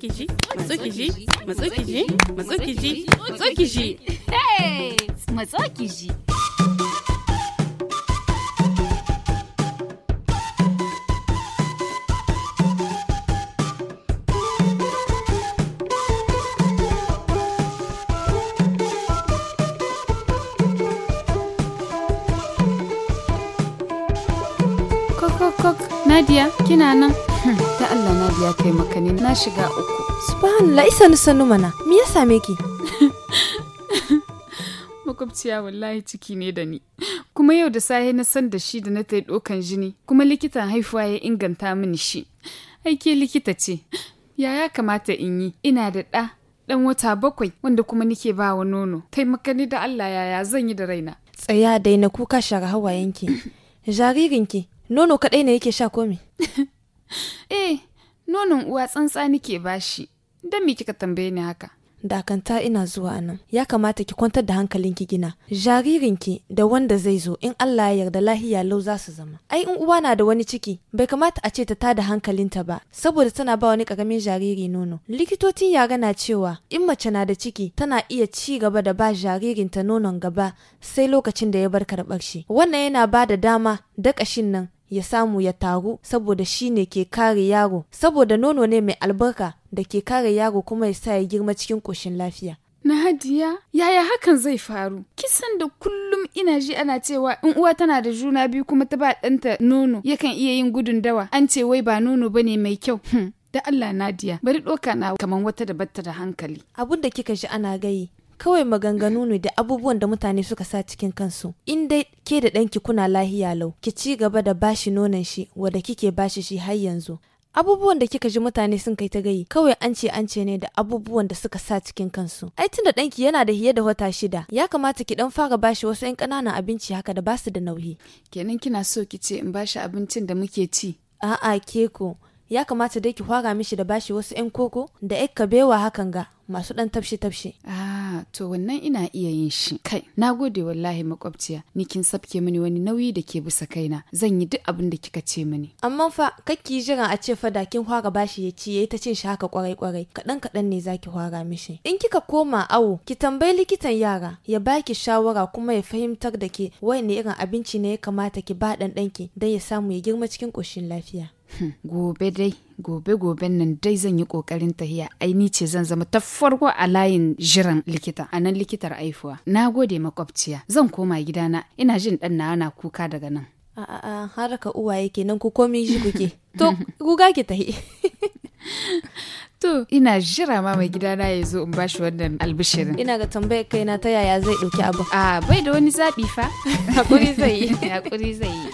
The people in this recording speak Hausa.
matsukiji matsukiji matsukiji matsukiji matsukiji matsukiji Kok, kok, kok, Nadia, kina nan. ta hmm, Allah na biya kai maka na shiga uku subhanallah isa ni sanu mana me ya same ki makwabciya wallahi ciki ne da ni kuma yau da sahi na san da shi da na tai ɗokan jini kuma likitan haifuwa ya inganta mini shi aike likita ce ya ya kamata in yi ina da ɗa ɗan wata bakwai wanda kuma nike ba wa nono taimaka ni da Allah yaya zan yi da raina tsaya daina kuka shara hawayenki jaririnki nono kaɗai ne yake sha komi Eh, nonon uwa tsantsa nike bashi. Don me kika tambaye ni haka? Dakanta ina zuwa nan, Ya kamata ki kwantar da hankalinki gina. Jaririnki da wanda zai zo in Allah ya yarda lahiya lau za su zama. Ai in uwa na da wani ciki, bai kamata a ce ta tada hankalinta ba, saboda tana ba wani karamin jariri nono. Likitocin yara na cewa in mace na da ciki tana iya ci gaba da ba jaririnta nonon gaba sai lokacin da ya bar karɓar shi. Wannan yana ba da dama da ƙashin nan ya samu ya taru saboda shi ne ke kare yaro saboda nono ne mai albarka da ke kare yaro kuma ya sa ya girma cikin ƙoshin lafiya. na hadiya. yaya hakan zai faru? Kisan da kullum ina ji ana cewa in uwa tana da juna biyu kuma ta ba ɗanta nono yakan iya yin gudun dawa. An ce wai ba nono ba ne mai kyau. Hmm, da Allah Nadiya, bari ɗoka na kamar wata da batta da hankali. Abun da kika ji ana gayi, kawai maganganu ne da abubuwan da mutane suka sa cikin kansu in dai ke da ɗanki kuna lahiya lau ki ci gaba da bashi nonon shi wadda kike bashi shi har yanzu abubuwan da kika ji mutane sun kai ta gayi kawai an ce an ce ne da abubuwan da suka sa cikin kansu ai tun da ɗanki yana da hiye da wata shida ya kamata ki dan fara bashi wasu 'yan ƙananan abinci haka da basu da nauyi kenan kina so ki ce in bashi abincin da muke ci a'a keko, ya kamata dai ki fara mishi da bashi wasu 'yan koko da 'yan kabewa hakan ga masu ɗan tafshe tafshe. Ah, to wannan ina iya yin shi. Kai, na gode wallahi makwabciya, ni kin sabke mini wani nauyi da ke bisa kaina, zan yi duk abin da kika ce mini. Amma fa, kakki jiran a ce fa kin hwara bashi ya ci yayi ta cin shi haka kwarai-kwarai, kaɗan-kaɗan ne zaki hwara mishi. In kika koma awo, ki tambayi likitan yara, ya baki shawara kuma ya fahimtar da ke wani irin abinci ne ya kamata ki ba ɗanɗanki don ya samu ya girma cikin ƙoshin lafiya. gobe dai gobe goben nan dai zan yi kokarin tahiya ai ni ce zan zama ta farko a layin jiran likita a nan likitar aifuwa na gode makwabciya zan koma gidana ina jin dan na ana kuka daga nan a'a har ka yake nan ku komi shi kuke to guga ki tahi To, ina jira ma mai gidana ya zo in bashi wannan albishirin. Ina ga tambayar kaina ta yaya zai ɗauki abu. A ah, bai da wani zabi fa. Hakuri zai yi. Hakuri zai yi.